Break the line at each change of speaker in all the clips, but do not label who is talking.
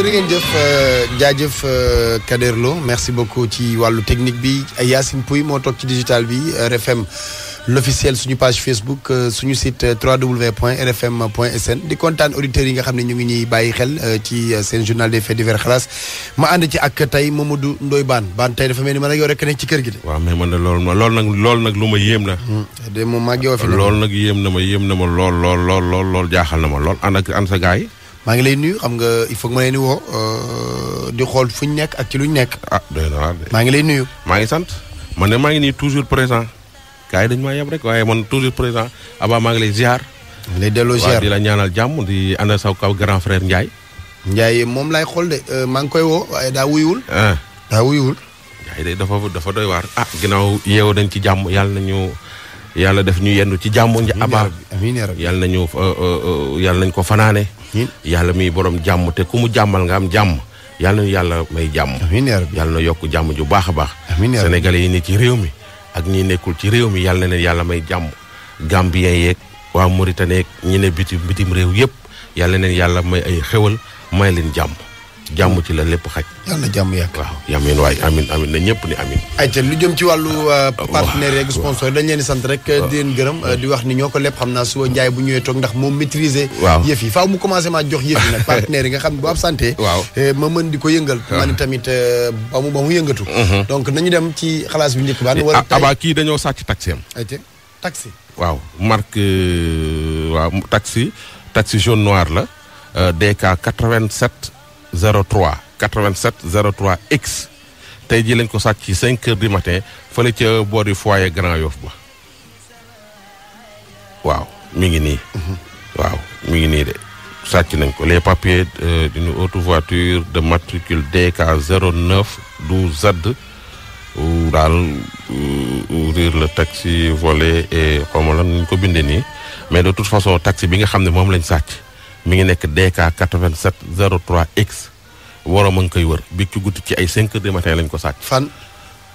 jërë ngeen jëf euh, jaajëf euh, Kader Lo merci beaucoup ci wàllu technique bi Yacine Pouy moo toog ci digital bi euh, RFM l'officiel suñu page Facebook suñu site www.rfm.sn di kontaan auditeurs yi nga xam ne ñu ngi ñuy bàyyi xel ci seen journal de faits divers xalaas ma ànd ci ak tey Mamadou Ndoye Bane baan tey dafa mel ni man ak
yow rek nekk ci kër gi de. waaw mais mën na lool ma loolu nag loolu nag lu ma yéem na. Hmm, de moom maa ngi loolu nag yéem na ma yéem na ma lool lool lool lool jaaxal na ma lool ànd ak ànd sa gars yi maa ngi lay nuyu xam nga il faut que ma leen di woo euh, di xool fu nekk ak ci lu ñu nekk. ah maa ngi lay nuyu. maa ngi sant man de maa ngi nii toujours présent gars dañ dañu maa yem rek waaye man toujours présent abaa maa ngi lay ziar. lay delloo ziar di la ñaanal jàmm di ànd ak sa kaw grand frère Ndiaye. Ndiaye moom laay xool de euh, maa ngi koy woo waaye daa wuyuwul. Ah. daa wuyuwul. Ndiaye de dafa dafa doy waar ah na yeewu dañ ci jàmm yàlla nañu yàlla def ñu yendu ci jàmm nja abaa yàlla nañu euh, euh, euh, yàlla nañ ko fanaane yàlla muy borom jàmm te ku mu jàmmal nga am jàmm yàlla nañu yàlla may jàmm yàlla na yokk jàmm ju baax a baax sénégalais yi ne ci réew mi ak ñii nekkul ci réew mi yàlla na leen yàlla may jàmm gambien yeeg waa Mauritanie ñi ne bitim bitim réew yépp yàlla na leen yàlla may ay xewal may leen jàmm jàmm ci la lépp xaj. yàlla na jàmm yàgg. waaw yàmmeen waay amin amin na ñëpp ni amin
ayca lu jëm ci wàllu euh, ah, partenaire yeeg sponsor dañ leen sant rek ah. di leen gërëm euh, di wax ni ñoo ko lépp xam naa suba njaay bu ñëwee toog ndax moom maîtriser yëf yi faaw mu commencé maa jox yëf yi nag xam ne bu ab santé waaw euh, ma mën di ko yëngal ah. ma ni tamit ba mu ba mu yëngatu mhm. donc nañu dem ci xalaas bi njëkk baan eh, wala abaa
kii dañoo sàcc taxi am
ayca taxi
waaw marque waaw taxi taxi jaune noir la DK 87 03 87 03 X tey jii lañ ko sàcc ci cinq heures du matin fële ca boori foyer Grand Yoff ba waaw mi ngi nii. waaw mi ngi nii de sàcc nañ ko les papiers euh, d'une auto voiture de matricule DK 09 12Z. daal euh, ouvrir le taxi volé et xaw ma lan ñu ko bindee nii mais de toute façon taxi bi nga xam ne moom lañ sàcc. mi ngi nekk DK 87 03 X woro ma ngi koy wër bi ci guddi ci ay 5 heures du matin lañ ko sàcc. fan.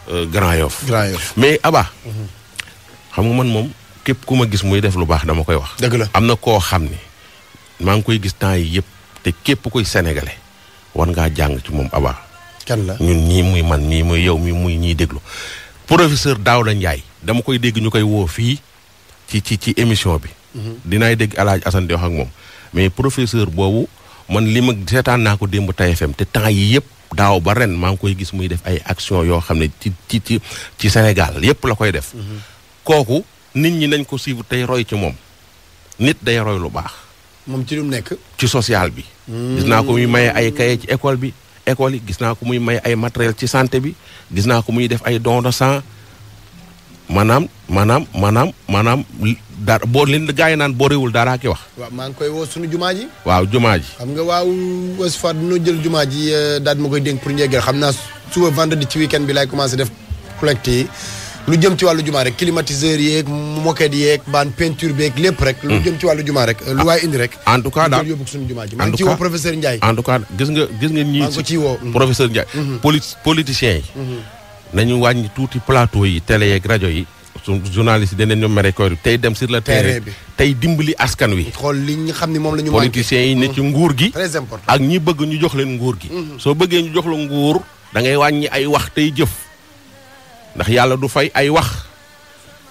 Euh, Grand Yoff. Grand mais Aba. Mhm. xam nga man moom képp ku ma gis muy def lu baax dama koy wax. dëgg am na koo xam ne maa ngi koy gis temps yi yëpp te képp koy sénégalais war ngaa jàng ci moom Aba. kan la ñun ñii muy man ñii muy yow mi muy ñiy déglu. professeur la Ndiaye dama koy dégg ñu koy woo fii ci ci ci émission bi. Mhm. dinaay dégg El Hadj Assane wax ak moom. mais professeur boobu man li ma seetaan naa ko démb TFM te temps yii yëpp daaw ba ren maa ngi koy gis muy def ay action yoo xam ne ci ci ci ci Sénégal yëpp la koy def. Mhm. kooku nit ñi nañ ko suivre tey roy ci moom nit day roy lu baax.
moom ci lu nekk.
ci social bi.
Hmm. gis naa ko muy maye ay
kaye ci école bi école yi gis naa ko muy may ay matériel ci santé bi gis naa ko muy def ay don de sang maanaam maanaam maanaam maanaam dara boo leen gaa yi naan boo réewul daaraa ki wax.
waaw maa ngi koy woo suñu jumaa ji. waaw jumaa ji. xam nga waaw Ouest Foire dañoo jël jumaa ji eh, daal ma koy dénk pour njëggal xam naa suba vendredi ci weekend bi laay commencé def collecte yi lu jëm ci wàllu jumaa rek climatiseur yeeg moquette yeeg baan peinture beeg
lépp rek. lu hmm. jëm ci wàllu jumaa rek. lu waay indi rek. en tout cas daal yóbbu
suñu jumaa ji. maa ngi ci woo
professeur Ndiaye. en tout cas gis nga gis nga ñii. maa ngi ko ciy woo professeur Ndiaye. Hmm. poli politiciens yi. Hmm. nañu wàññi tuuti plateau yi télé yeeg rajo yi journaliste yi danañ ñoom mere koor tey dem si le terrain bi tey dimbali askan wi.
xool li ñu xam ne moom la ñu.
politiciens yi ne ci mmh. nguur gi. très important ak ñi bëgg ñu jox leen nguur gi. Mmh. soo bëggee ñu jox la nguur da ngay wàññi ay wax tey jëf ndax yàlla du fay ay wax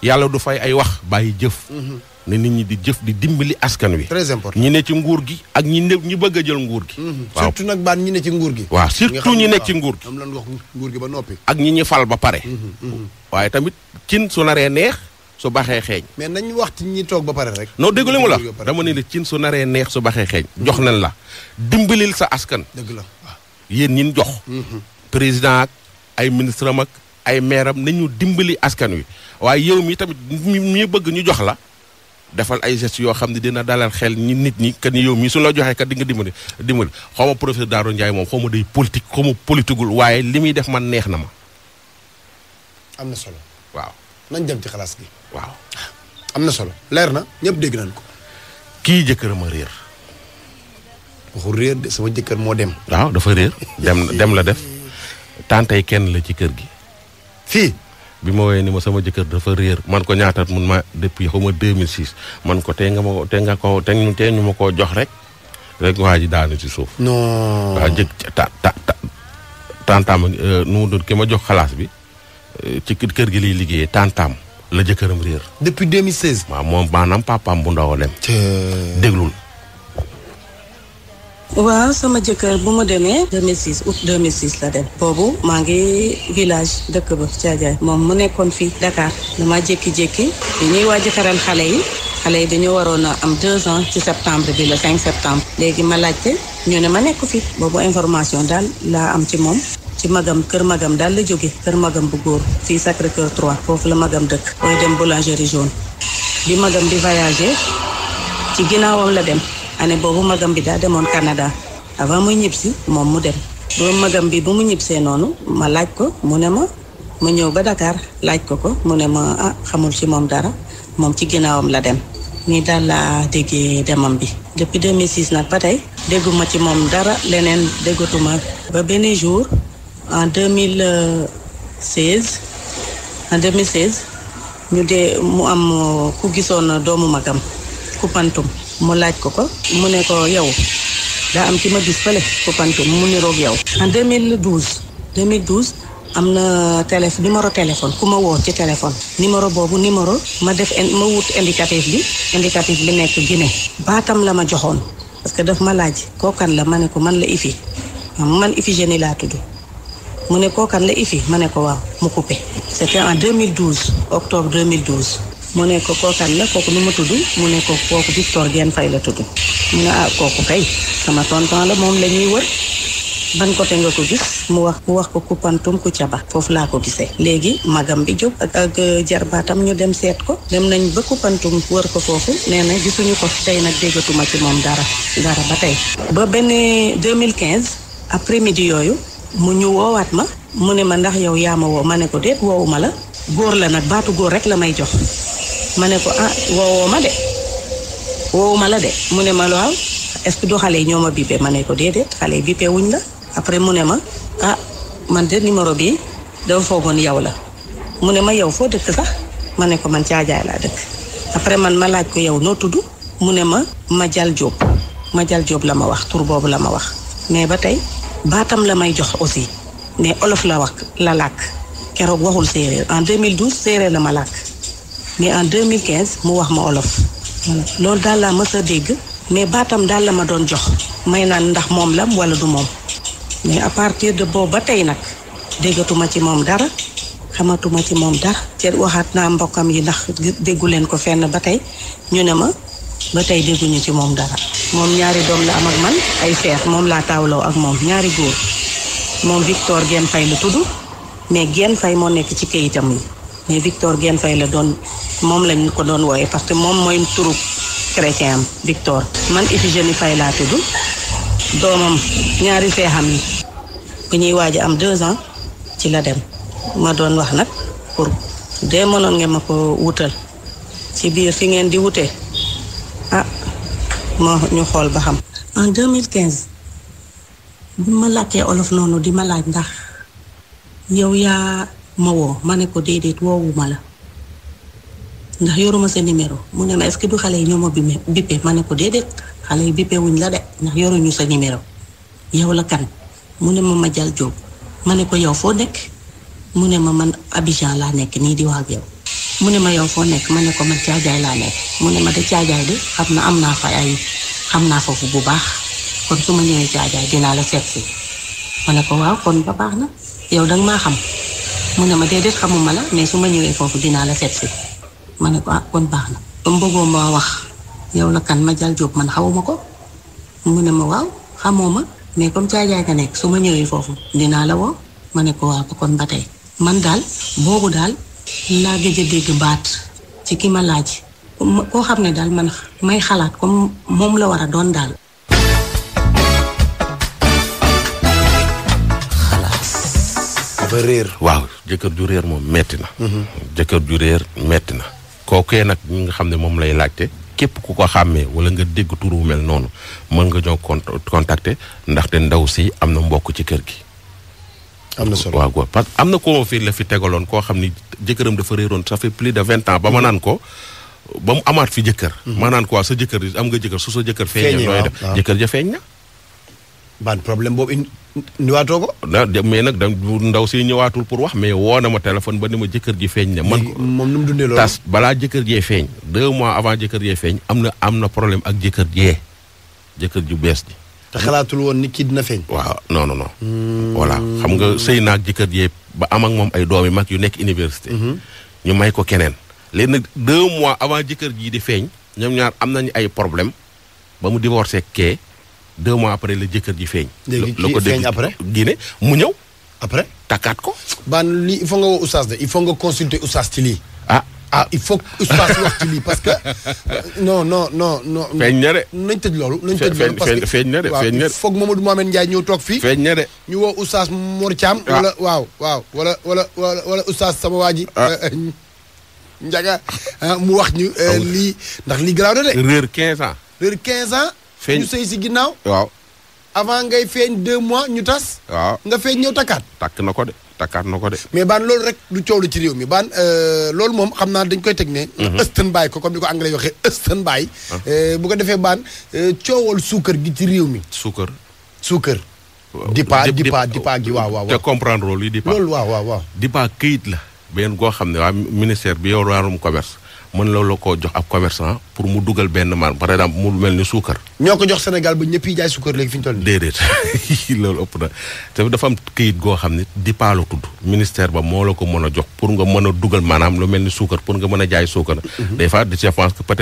yàlla du fay ay wax bàyyi jëf. Mmh. ne nit ñi di jëf di dimbali askan wi. très ñi ne ci nguur gi ak ñi ne ñi bëgg a jël nguur gi. Mhm. waaw surtout nag baan ñi ne ci nguur gi. waaw surtout ñi ne ci nguur gi.
am lan wax gi ba noppi. ak ñi
ñi fal ba pare. Mhm, mhm. waaye tamit cin su naree neex su baxee xeeñ.
mais nañ wax ci ñi toog ba pare rek.
non dégg mu la dama ne la cin su naree neex su baxee xeeñ. jox nañ la dimbalil sa askan. dëgg la ñin jox. président ak ay ministre am ak ay maire am nañu dimbali askan wi waaye yow mi tamit mi bëgg ñu jox la defal ay gestes yoo xam ne dina dalal xel ñi nit ñi que ni yow mii su la joxee kat di nga dimbali dimbali xaw ma professeur Darou Ndiaye moom xaw ma day politique xaw ma waaye li muy def man neex na ma.
am na solo. waaw nañ dem ci xalaas bi waaw am na solo. leer na ñëpp dégg nañ ko. kii jëkkëram a réer. waxul réer de sama jëkkër moo dem.
waaw dafa réer dem dem la def tantay kenn la ci kër gi. bi ma woowee ni ma sama jëkkër dafa réer man ko ñaataat mun ma depuis xaw ma 2006 man ko tey nga ma ko tey nga ko tey nu ma koo jox rek rek waa ji daanu ci suuf. non waaw jë ta ta ta tantaam euh, nu mu doon ki ma jox xalaas bi euh, ci kër gi lay liggéeyee tantaam la jëkkëram réer. depuis 2016. waaw moom maanaam papaam bu ndaw a dem. déglul.
waa sama jëkkër bu mu demee 2006 août 2006 la dem boobu maa ngi village dëkk ba Thiadiaye moom mu nekkoon fii Dakar dama jékki-jékki bi ñuy waaj xaral xale yi xale yi dañu waroon a am deux ans ci septembre bi le 5 septembre léegi ma laajte ñu ne ma nekk fi boobu information daal laa am ci moom ci magam kër magam daal la jóge kër magam bu góor fii Sacré Cœur 3 foofu la magam dëkk booy dem boulangerie jaune di magam di voyager ci ginnaawam la dem année boobu magam bi daa demoon Canada avant muy ñibbisi moom mu dem ba magam bi bu mu ñibbisee noonu ma laaj ko mu ne ma ma ñëw ba dakaar laaj ko ko mu ne ma ah xamul ci moom dara moom ci ginnaawam la dem nii daal laa déggee demam bi depuis 2006 nag ba tey dégguma ci moom dara leneen déggatuma ba benn jour en 2016 en 2016 ñu dee mu am ku gisoon doomu magam ku mu laaj ko ko mu ne ko yow daa am ci ma gis fële Koupantoum mu niroog yow. en 2012 2012 am na télé numéro téléphone ku ma woo ci téléphone. numéro boobu numéro ma def ma wut indicatif bi indicatif bi nekk gine baatam la ma joxoon parce que daf ma laaj kookan la ma ne ko man la ifi man ifi génie laa tudd. mu ne kookan la ifi ma ne ko waaw mu coupé. c'était en 2012 octobre 2012. mu ne ko kookan la kooku nu ma tudd mu ne ko kooku Victor Diène Faye la tudd mu ne ah kooku kay sama tonton la moom la ñuy wër ban côté nga ko gis mu wax mu wax ko Koumpentoum Kouthiaba foofu laa ko gisee léegi magam bi jóg ak euh, jarbaatam ñu dem seet ko dem nañ ba Koumpentoum wër ko foofu nee na gisuñu ko tey nag déggatuma ci moom dara dara ba tey ba benn 2015 après midi yooyu mu ñu woowaat ma mu ne ma ndax yow yaa ma woo ma ne ko déet woowu ma la góor la nag baatu góor la may jox ma ne ko ah wowoo ma de woowu ma la de mu ne ma waaw est-ce que du xale yi ñoo ma bippé ma ne ko déedéet xale yi bippé wuñ la après mu ne ma ah man de numéro bi dafa foogoon yow la mu ne ma yow foo dëkk sax ma ne ko man caajaay laa dëkk après man ma laaj ko yow noo tudd mu ne ma ma Madial ma jal jóob la ma wax tur boobu la ma wax mais ba tey baatam la may jox aussi mais olof la wax la làkk keroog waxul séeréer en 2012 séeréer la ma làkk mais en 2015 mu wax ma olof loolu daal laa mës a dégg mais baatam daal la ma doon jox may naan ndax moom la wala du moom mais à de boobu ba tey nag déggatuma ci moom dara xamatuma ci moom dara te waxaat naa mbokkam yi ndax déggu leen ko fenn ba tey ñu ne ma ba tey dégguñu ci moom dara moom ñaari doom la am ak man ay feex moom laa taawloo ak moom ñaari góor moom Victor Gen Fay lu tudd mais genn Fay moo nekk ci kayitam yi mais Victor Guen fay la doon moom lañ ko doon wooye parce que moom mooy turu chrétien am Victor man Iphigénie Faye laa tudd doomam ñaari feexam yi bu ñuy waaj am deux ans ci la dem ma doon wax nag pour de mënoon nga ma ko wutal ci biir fi ngeen di wute ah ma ñu xool ba xam en 2015 bi ma laajtee olof noonu di ma laaj ndax yow yaa ma woo ma ne ko déedéet woowuma la ndax yoruma sa numéro mu ne ma est que du xale yi ñoo ma bippé ma ne ko déedéet xale yi bippé wuñ la de ndax yoruñu sa numéro yow la kan mu ne ma ma jal jóg ma ne ko yow foo nekk mu ne ma man Abidjan laa nekk nii di wax ak yow mu ne ma yow foo nekk ma ne ko man caajaay laa mu ne ma de caajaay xam na am naa xam naa foofu bu baax kon su ma ñëwee caajaay dinaa la seet si ma ne ko waaw kon ba baax na yow danga maa xam. mu ne ma déedéet xamuma la mais su ma ñëwee foofu dinaa la seet si ma ne ko ah kon baax na ba mu bëggoo ma wax yow la kan ma jal jóob man xawuma ko mu ne ma waaw xamoo ma mais comme caajaay nga nekk su ma ñëwee foofu dinaa la woo ma ne ko waaw kon ba tey man daal boobu daal laa gëj a baat ci ki ma laaj koo xam ne daal man may xalaat comme moom la war a doon daal
ba waaw jëkkër ju réer moom metti na mm-hmm. jëkkër ju réer metti na kookee nag ñi nga xam ne moom lay laajte képp ku ko xàmmee wala nga dégg turu mel noonu mën nga ñoo contacter ndaxte ndaw si am na mbokk ci kër gi am na solo waaw góor parce que am na koo fii la fi tegaloon koo xam ni jëkkëram dafa réeroon sa fait plus de vingt ans ba ma naan ko ba mu amaat fi jëkkër mm-hmm. ma naan ko waaw sa jëkkër am nga jëkkër su sa jëkkër feeñee nooy jëkkër ja feeñ na ban problème boobu indi ñëwaatoo ko. ah mais nag da ndaw si ñëwaatul pour wax mais woo na ma téléphone ba ni ma jëkkër ji feeñ ne. man
moom nu mu dundee
loolu tas balaa jëkkër jee feeñ. deux mois avant jëkkër jee feeñ am na am na problème ak jëkkër jee jëkkër ju bees ji.
te xalaatul woon ni kii dina feeñ.
waaw non non non. Hmm. voilà xam nga sëy naag jëkkër jee ba am ak moom ay doom yu mag yu nekk université. Hmm. ñu may ko keneen. léegi nag deux mois avant jëkkër jii di feeñ ñoom ñaar am nañu ay problème ba mu divorcé kee. deux mois après la jëkkër ji feeñ. léegi kii feeñ après Guinée mu ñëw. après takkaat ko. baan lii il faut nga woo oustaz
de il faut nga consulter oustaz ci lii. ah ah il faut oustaz wax ci lii parce que non non non non. feeñ na de. nañ tëj loolu nañ tëj loolu parce que feeñ na de feeñ na de. foog Mamadou Mohamed Ndiaye ñëw toog fii. feeñ na de. ñu woo oustaz Mor Thiam. Ah. wala waaw waaw wala wala wala oustaz sama waa ji. Ah. Euh, Ndiaga ah, mu wax ñu euh, lii ndax lii garaaw na de.
réer
15 ans. feeñ ñu sëy si ginnaaw. waaw. avant ngay feeñ deux mois ñu tas. waaw nga feeñ ñëw takkaat.
takk na ko de takkaat na ko de.
mais baan loolu rek du coow lu ci réew mi baan euh, loolu moom xam naa dañ koy teg ne. Mhm. stand by ko comme ni ko anglais yi waxee stand baay ah. euh, bu ko defee baan euh, coowal suukar gi ci réew mi. suukar. suukar.
dipa dipa dipa gi waaw waaw. te comprendre loolu yi dipa. loolu waaw waaw waaw. dipa këyit la. benn koo xam ne waa ministère bi yow wàllum commerce. mën la la koo jox ab commercant pour mu dugal benn man par exemple mu mel ni suukar. ñoo ko jox Sénégal ba ñëpp yi jaay suukar léegi fi ñu toll nii. déedéet loolu ëpp na te dafa goo xam ne di paalu tudd ministère ba moo la ko mën a jox pour nga mën a dugal maanaam lu mel ni suukar pour nga mën a jaay suukar. Mhm. des fois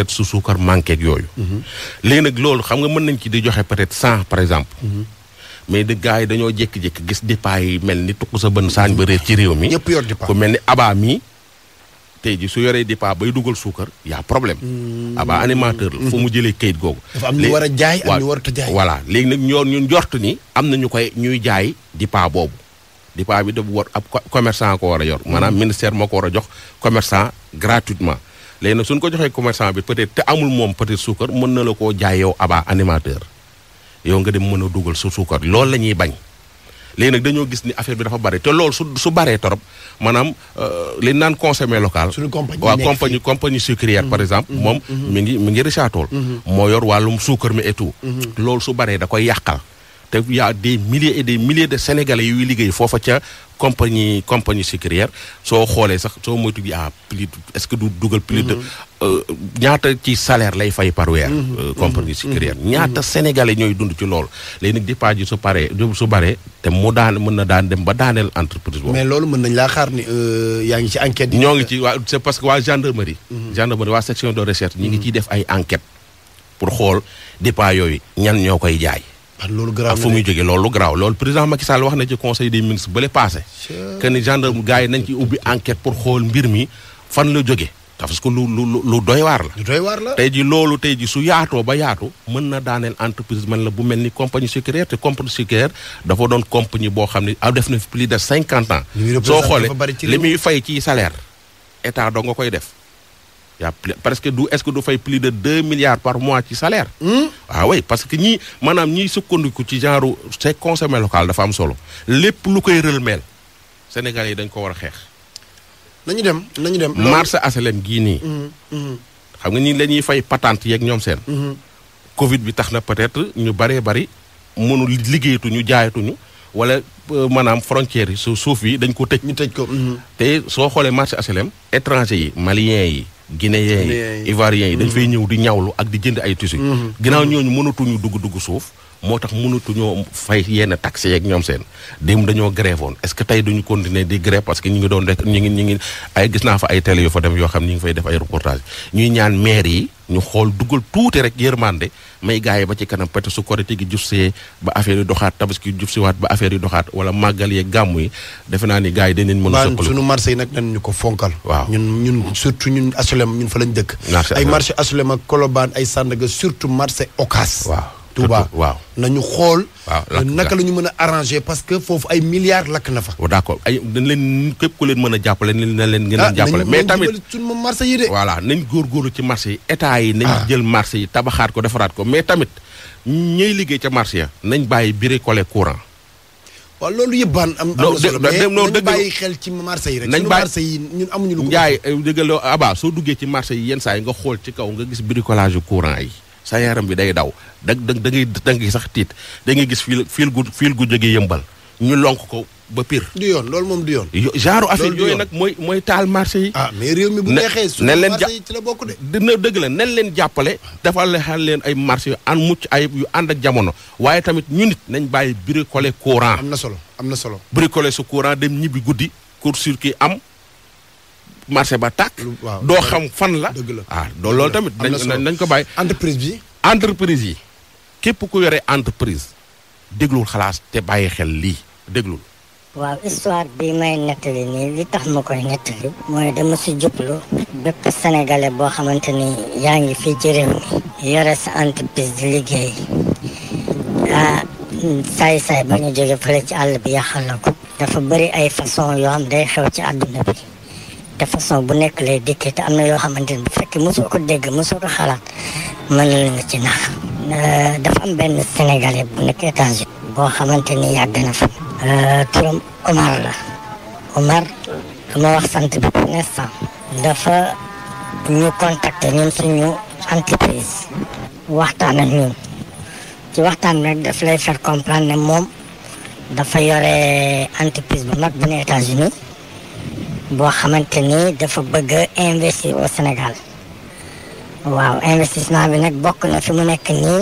je suukar manqué ak yooyu. Mhm. léegi loolu xam nga mën nañ ci di joxe peut-être cent par exemple. Mhm. mais de gars yi dañoo jékki-jékki gis départ yi mel ni tukku sa bën saañ ba réer ci réew mi. ñëpp yor départ ku mel ni abaa mi. tey ji su yoree di pa bay dugal suukar y'a problème hmm. aba ah animateur la fu mu jëlee kayit googu dafa am ñu war a jaay am ñu warut a jaay voilà léegi nag ñoo ñu njort ni am na ñu koy ñuy jaay di pa boobu di pa bi dafa war ab commerçant ko war a yor hmm. maanaam ministère moo ko war a jox commerçant gratuitement léegi nag suñ ko joxee commerçant bi peut-être te amul moom peut-être suukar mën na la koo jaay yow aba ah animateur yow nga dem mën a dugal sa suukar loolu la ñuy bañ léegi nag dañoo gis ni affaire bi dafa bari te loolu su su baree torop maanaam euh, li naan consommé local. suñu
compagnie waaw compagnie
compagnie sucrière par mm-hmm. exemple. Mm-hmm. moom mm-hmm. mi ngi mi ngi Richard Toll. moo yor wàllum suukar mi et tout. loolu su baree da koy yàqal. te y a des milliers et des milliers de sénégalais yuy liggéey foofa ca compagnie compagnie sucrière soo xoolee sax soo moytu bi ah plus est-ce que du dugal plus de mm-hmm. euh, ñaata ci lay fay par weer mm-hmm. euh, compagnie mm-hmm. sucrière ñaata sénégalais ñooy dund ci loolu léegi nag dépense ji su paree su baree te mu daan mën na daan dem ba daaneel entreprise
boobu mais loolu mën nañ laa xaar ni euh, yaa
ngi ci ñoo ngi ci waa parce que waa gendarmerie gendarmerie waa section de recherche ñi ngi ciy def ay enquête pour xool dépense yooyu ñan ñoo koy jaay
loolu garaaw ak fu muy
jógee loolu garaaw loolu président Macky Sall wax na ci conseil des ministres bële passé. que ni gendarme gars yi nañ ci ubbi enquête pour xool mbir mi fan la jóge parce que lu lu lu doy waar la. lu waar la tey jii loolu tey ji su yaatoo ba yaatu. mën na daaneel entreprise man la bu mel ni compagnie sucrière te compagnie sucrière dafa doon compagnie boo xam ne ah, def na fi plus de cinquante ans. soo xoolee li muy fay ci salaire état doo nga koy def. y' parce que du est-ce que du fay plus de deux milliards par mois ci salaire. Hmm? ah oui parce que ñii maanaam ñiy sukkandiku ci genre c'est consommé local dafa am solo lépp lu koy rëlmeel sénégal yi dañ ko war a xeex. nañu dem nañu dem. marché aslem gii nii. Hmm, hmm. xam nga ni lañuy ñuy fay patente yeeg ñoom seen. Covid bi tax na peut-être ñu baree mënul mënu liggéeyatuñu jaayatuñu wala euh, maanaam frontière yi su suuf yi dañ ko tëj. ñu tëj ko. te soo xoolee marché aslem étranger yi maliens yi. guinéens yi ivoiriens yi dañ fay ñëw di ñawlu ak di jënd ay tissus. Mm-hmm. ginnaaw ñooñu mënatuñu dugg dugg suuf moo tax mënatuñoo fay yenn taxes yeeg ñoom seen démb dañoo grève woon est-ce que tey duñu continuer di grève parce que ñu ngi doon rek ñu ngi ñu ngi ay gis naa fa ay télé yu fa dem yoo xam ñu ngi def ay reportage yi may gars yi ba ci kanam peut-être su korite gi see ba affaire yi doxaat tabaski jub siwaat ba affaire yi doxaat wala màggal yeeg gàmm defe naa ni gars yi dinañ mën a soppali suñu
marché yi nag nañ ñu ko fonkal waaw ñun ñun surtout ñun asulem ñun fa lañ dëkk ay marché asulem ak Colobane ay Sandaga surtout marché Ocas Touba waaw nañu xool. waaw euh, naka la ñu mën a arrangé parce que foofu ay milliards lakk na fa.
Oh, d' accord ay dañ leen képp ku leen mën a jàppale na leen ngeen leen ah, jàppale. mais tamit suñu marché yi de. voilà nañ góorgóorlu ci marché yi état yi. nañ ah. jël marché yi tabaxaat ko defaraat ko mais tamit ñiy liggéey ca marché ya nañ bàyyi biri collé courant.
waaw loolu yëpp baan am. am na bàyyi xel ci marché yi rek. nañ bàyyi marché yi ñun amuñu lu ko. Ndiaye
dëgg la Aba soo duggee ci marché yi yenn saa yi nga xool ci kaw nga gis bricolage courant yi sa yaram bi day daw da da da ngay da ngay sax tiit da ngay gis fiil fiil gu fiil gu jógee yëmbal ñu lonk ko ba pire. du yoon loolu moom du yoon. genre affaire yooyu nag mooy mooy taal marché yi. Ah, mi bu neexee. su marché yi ci la bokk de. dina dëgg la nen leen jàppale. dafa la xal leen ay marché yu an mucc ay yu ànd ak jamono waaye tamit ñu nit nañ bàyyi bricoler courant. am na solo am na solo. bricoler su courant dem ñibbi guddi court circuit am. marché ba tàkk. doo xam fan la. dëgg la ah loolu tamit. nañ ko bàyyi. entreprise bi. entreprise yi képp ku yore entreprise déglul xalaas te bàyyi xel lii déglul.
waaw histoire bi may nettali nii li tax ma koy nettali. mooy dama si jublu bépp sénégalais boo xamante ni yaa ngi fi ci réew mi. yore sa entreprise di liggéey ah saay saay ba ñu jóge fële ci àll bi yàqal la ko. dafa bëri ay façon yoo xam day xew ci àdduna bi. te façon bu nekk lay dikkee te am na yoo xamante ne bu fekkee mosoo ko dégg mosoo ko xalaat mën na la nga ci nax euh, dafa am benn sénégalais bu nekk xamante ni yàgg na fa euh, la Omar wax sant bi pour l'instant dafa ñu contacter ñun suñu entreprise waxtaan ak ñun moom dafa yore entreprise bu mag bu ne états boo xamante ni dafa bëgg investir au Sénégal waaw investissement bi nag bokk na fi mu nekk nii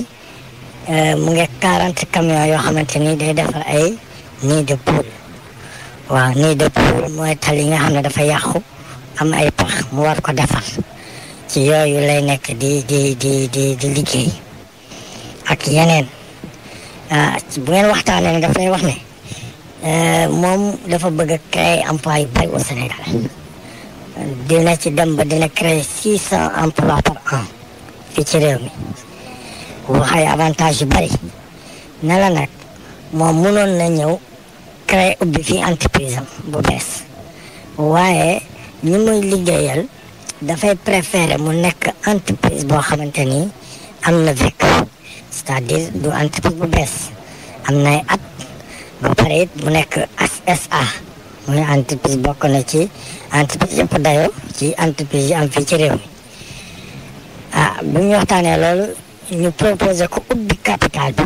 euh, mu ngi quarante camions yoo xamante ni day defar ay nid de poule waaw nid de poule mooy tali yi nga xam ne dafa yàqu am ay pax mu war ko defar ci yooyu lay nekk di di di di di liggéey ak yeneen ah, bu ngeen waxtaanee daf lay wax ne. Eh, moom dafa bëgg a créer emploi yu bari au dina ci dem ba dina créer six cent emplois par an fii ci réew mi waxay avantage yu bari ne nag moom mënoon na ñëw créer ubbi fii entreprise bu bees waaye ñi muy liggéeyal dafay préférer mu nekk entreprise boo xamante ni am na vécu cest du entreprise bu bees am nay at ba pare it mu nekk HSA muy entreprise bokk na ci entreprise yëpp dayoo ci entreprise yi am fii ci réew mi ah, ñu waxtaanee loolu ñu proposé ko ubbi capital bi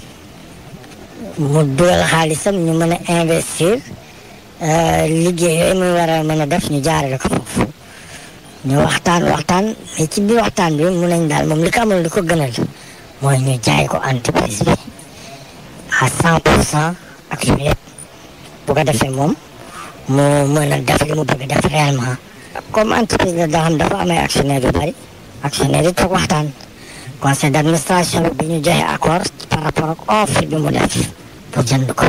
mu dugal xaalisam ñu mën a investir euh, liggéey yooyu muy war a mën a def ñu jaarale ko foofu ñu waxtaan waxtaan mais ci biir waxtaan bi mu nañ daal moom li ko amul li ko gënal mooy ñu jaay ko entreprise bi à cent pour cent ak suñu lépp bu ko defee moom mu mën a def li mu bëgg def réellement. comme entreprise la daxam dafa amee actionnaire yu bari actionnaire yi toog waxtaan conseil d' administration bi ñu joxe accord par rapport ak offre bi mu def pour jënd ko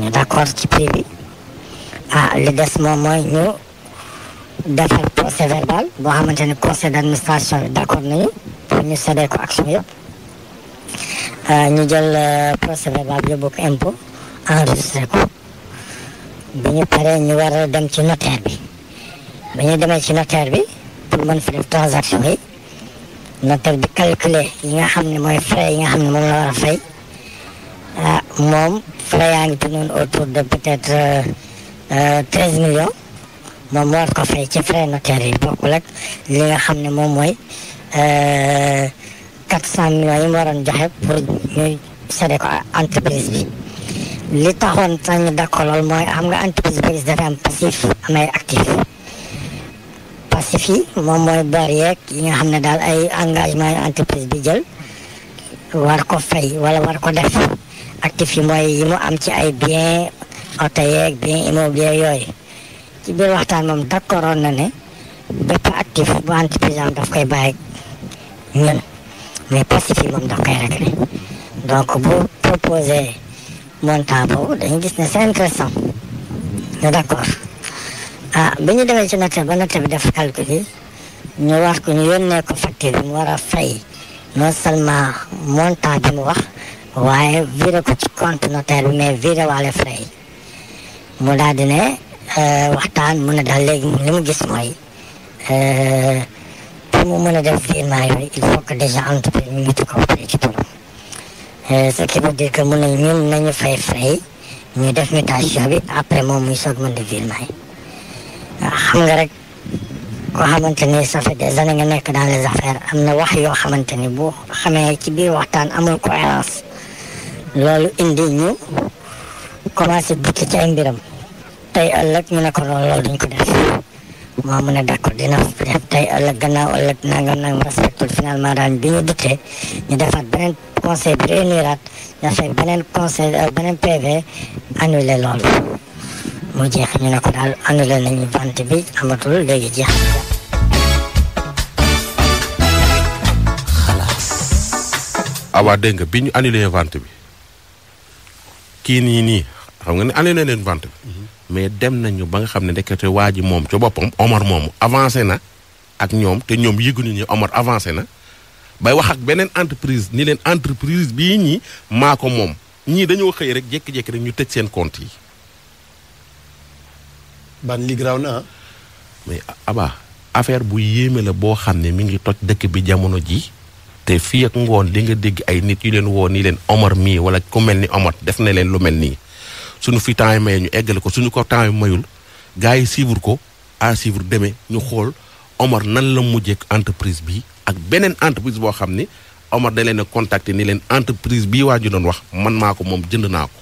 ñu d' accord ci prix bi ah li des moom mooy ñu defar procès verbal boo xamante ne conseil d' administration bi d' accord nañu pour ñu séddee ko action yëpp. Euh, ñu jël euh, procès verbal bi yóbbu ko impôt enregistré ko bi ñu paree ñu war a dem ci notaire bi bi ñu demee ci notaire bi pour mën fi def transaction yi bi calculer yi xam ne mooy frais yi xam ne moom la war a fay ah moom frais yaa ngi tuddoon autour de peut-être euh, moom war ko ci frais notaire yi bokkul li nga xam ne moom mooy. quatre cent millions yi mu waroon joxe pour ko entreprise bi li taxoon sax ñu d'accord lool mooy xam nga entreprise bi dafay am passif am ay actif passif yi moom mooy bor yeeg yi nga xam ne daal ay engagement yu entreprise bi jël war ko fay wala war ko def actif mooy yi mu am ci ay bien oto yeeg bien immobilier yooyu ci biir waxtaan moom d'accordoon na ne bépp actif bu entreprise am daf koy bàyyi ñun mais pacifique moom daf koy recréer donc bu proposé montant boobu dañu gis ne c'est intéressant ñu d'accord ah bi ñu demee ci notaire ba notaire bi def calcul ñu wax ko ñu yónnee ko facture bi mu war a fay non seulement montant bi mu wax waaye viré ko ci compte notaire bi mais viré waale frais mu daal di ne waxtaan mu ne daal léegi li mu gis mooy. pour mu mën a def virement yooyu il faut que déjà entreprise mu ngi coopéré ci turam ce qui veut dire que mun nañ ñun nañu fay fay ñu def mutation bi après moom muy soog mën def virement yi ah, xam nga rek koo xamante ni ça fait des années nga nekk dans les affaires am na wax yoo xamante ni bu xamee ci biir waxtaan amul cohérence loolu indi ñu commencé bukki ci ay mbiram tey ëllëg ñu ne ko loolu loolu duñ ko def moo mën a d'accord dina def tey ëllëg gannaaw ëllëg nangam nangam respectul finalement daal bi ñu dikkee ñu defaat beneen conseil bi réuniraat ñu fekk beneen conseil beneen PV annulé loolu mu jeex ñu ne ko daal annulé nañu vente bi amatul léegi jeex
awaa dégg bi ñu annulé vente bi kii nii nii xam nga ne annulé leen vente bi mais dem nañu ba nga xam ne ndekete waa ji moom ca boppam Omar moomu avancé na ak ñoom te ñoom yëguñu ñu omor avancé na bay wax ak beneen entreprise ni leen entreprise bii ñii maa ko moom ñii dañoo xëy rek jékki-jékki rek ñu tëj seen compte yi.
ban li graw na ah.
mais aba affaire bu yéeme la boo xam ne mi ngi toj dëkk bi jamono ji te fii ak ngoon li nga dégg ay nit yu leen woo nii leen Omar mii wala ku mel ni Omar def na leen lu mel nii. suñu fi temps yi mayee ñu eggale ko suñu ko temps yi mayul gars yi suivre ko à suivre deme ñu xool Omar nan la mujjeek entreprise bi ak beneen entreprise boo xam ni Omar da leen a contacter ni leen entreprise bii waa ñu doon wax man maa ko moom jënd naa ko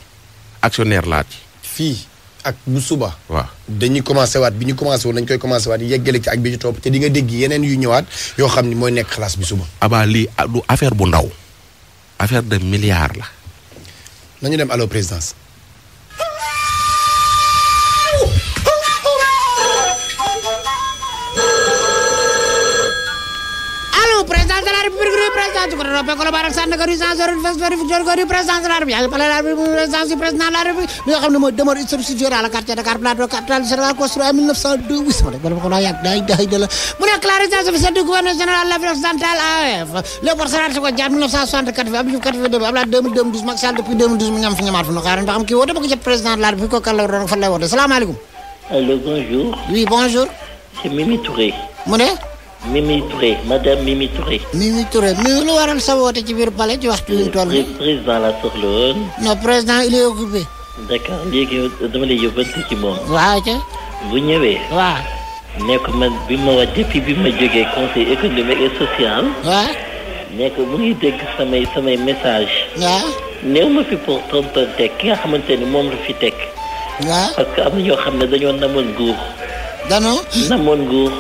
actionnaire laa ci. fii ak bu suba. waaw
dañuy commencé waat bi ñu commencé woon dañu koy commencé waat yeggale ci ak bi ci topp te di nga dégg yeneen yu ñëwaat yoo xam ni mooy nekk xalaas bi suba.
abaa lii du affaire bu ndaw affaire de milliard la.
nañu dem allo
Cukuru Rope Colobane ak Sandaga rue Change rue Fass de la République palais de la République résidence président de la République li nga xam mooy demeure historique située dans le quartier Dakar Plateau capitale ma de bala ma ko laa yàgg daay daay de la mu nekk la résidence occidentale AOF e Léopold Sédar Senghor Diatta 1964 Abdou Diouf 82 Abdoulaye depuis mu ñam fi ñamaat fu ñu xaaran ba xam kii woote ba ko président de la République ko kan la war doon fan lay woote salaamaaleykum allô
Mimi Touré madame Mimi Touré.
Mimi Touré mi lu waral sa woote ci biir palais ci waxtu wi toll.
président la soxla woon.
non président il est occupé.
d'accord léegi dama lay yóbbante ci moom. waaw ca. bu ñëwee. waaw. nekk ma bi ma wax depuis bi ma jógee conseil économique et social. waaw. nekk mu ngi dégg samay samay message waa néew ma fi pour tonton ki nga xamante ni moom la fi teg. waaw parce que am na ñoo xam ne dañoo namoon nguur. danoo namoon nguur.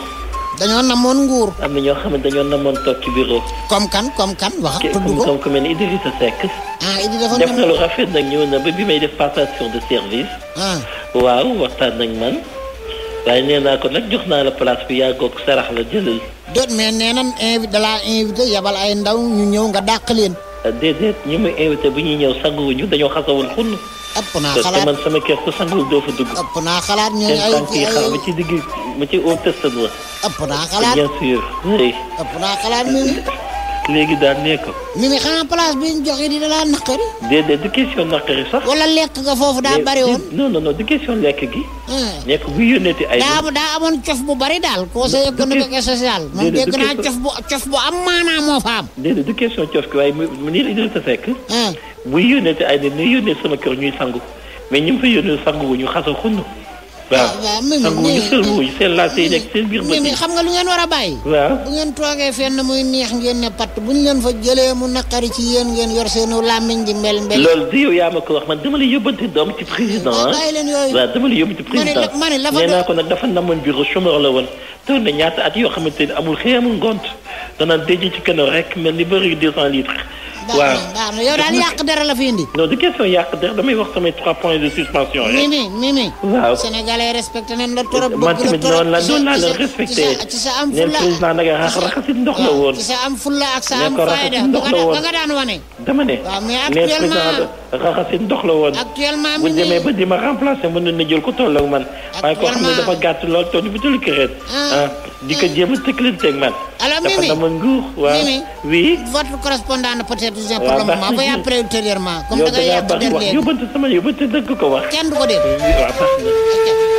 dañoo namoon nguur. am na ñoo xam ne dañoo namoon toog ci bureau. comme kan
comme kan wax. tudd ko
comme ku mel ni Idrissa Seck. ah Idrissa dafa def na lu rafet nag ñëw na ba bi may def passation de service. Ah. waaw waxtaan nañ man. waaye nee naa ko nag jox naa la place bi yaa goog sarax la jëlal.
déet mais nee nañ invi da laa invité yabal ay ndaw ñu ñëw nga dàq leen.
Ah, déedéet ñu muy invité bu ñuy ñëw sanguwuñu dañoo xasawul xunn. ëpp naa xalaat man ay ay ay
ci digg. ba
ci au test ba.
ëpp naa xalaat bien sûr. ëpp naa xalaat Mimi.
léegi daal nee ko.
Mimi xanaa place bi ñu joxe dina laa naqari.
déedéet du question naqari sax.
wala lekk nga foofu daa bari woon.
non non non du question lekk gi. Hmm. nekk bu yónneeti ay. daa
daa amoon cof bu bari daal. conseil économique et social. moom dégg naa cof bu
cof bu am maanaa moo fa am. déedéet du question cof ki mu nii hmm. la ay nit ñuy sama kër ñuy sangu mais ñu ngi fa yónnee sangu wu ñu xasa xunn. waaw ah, waaw même muy sëlmuy seen xam
nga lu ngeen war a bàyyi waaw bu ngeen toogee fenn muy neex ngeen ne patt bu ñu leen fa jëlee mu naqari ci yéen ngeen yor seenu làmmiñ di mbel mbel loolu
di yow yaa ma ko wax man dama la yóbbante doom ci président bàyyi leen yooyu waaw dama la yóbbante président ma ne la fa naa ko nag dafa namoon bureau chômeur la woon taw na ñaata at yoo xamante ni amul xëy amul ngont danaan déj ci kano rek mel ni bëri deux cent litres waaw baax na yow daal yàq dara la fi indi. non du question yàq dara damay wax samay trois points de suspension. mimi
mimi. waaw sénégalais respecté nañ la trop. bëgg la trop man tamit noonu la noonu am fulla président nag raxasit
ndox la woon. ci sa
am fulla ak sa dama ne. waaw
raxasin ndox la woon. actuellement bu demee ba di ma remplacer mën na jël ko toll ak man. waaye koo xam ne dafa gàtt bu tëli këreet. ah di ko jéem a tëkkalanteeg man. alors Mimi dafa dama nguur waaw. oui
votre correspondant peut-être c'est pour le moment. waaw après ultérieurement. comme da nga yàq der yow da ngaa bëri wax
yóbbante sama yóbbante dëgg ko wax. kenn du ko dégg. waaw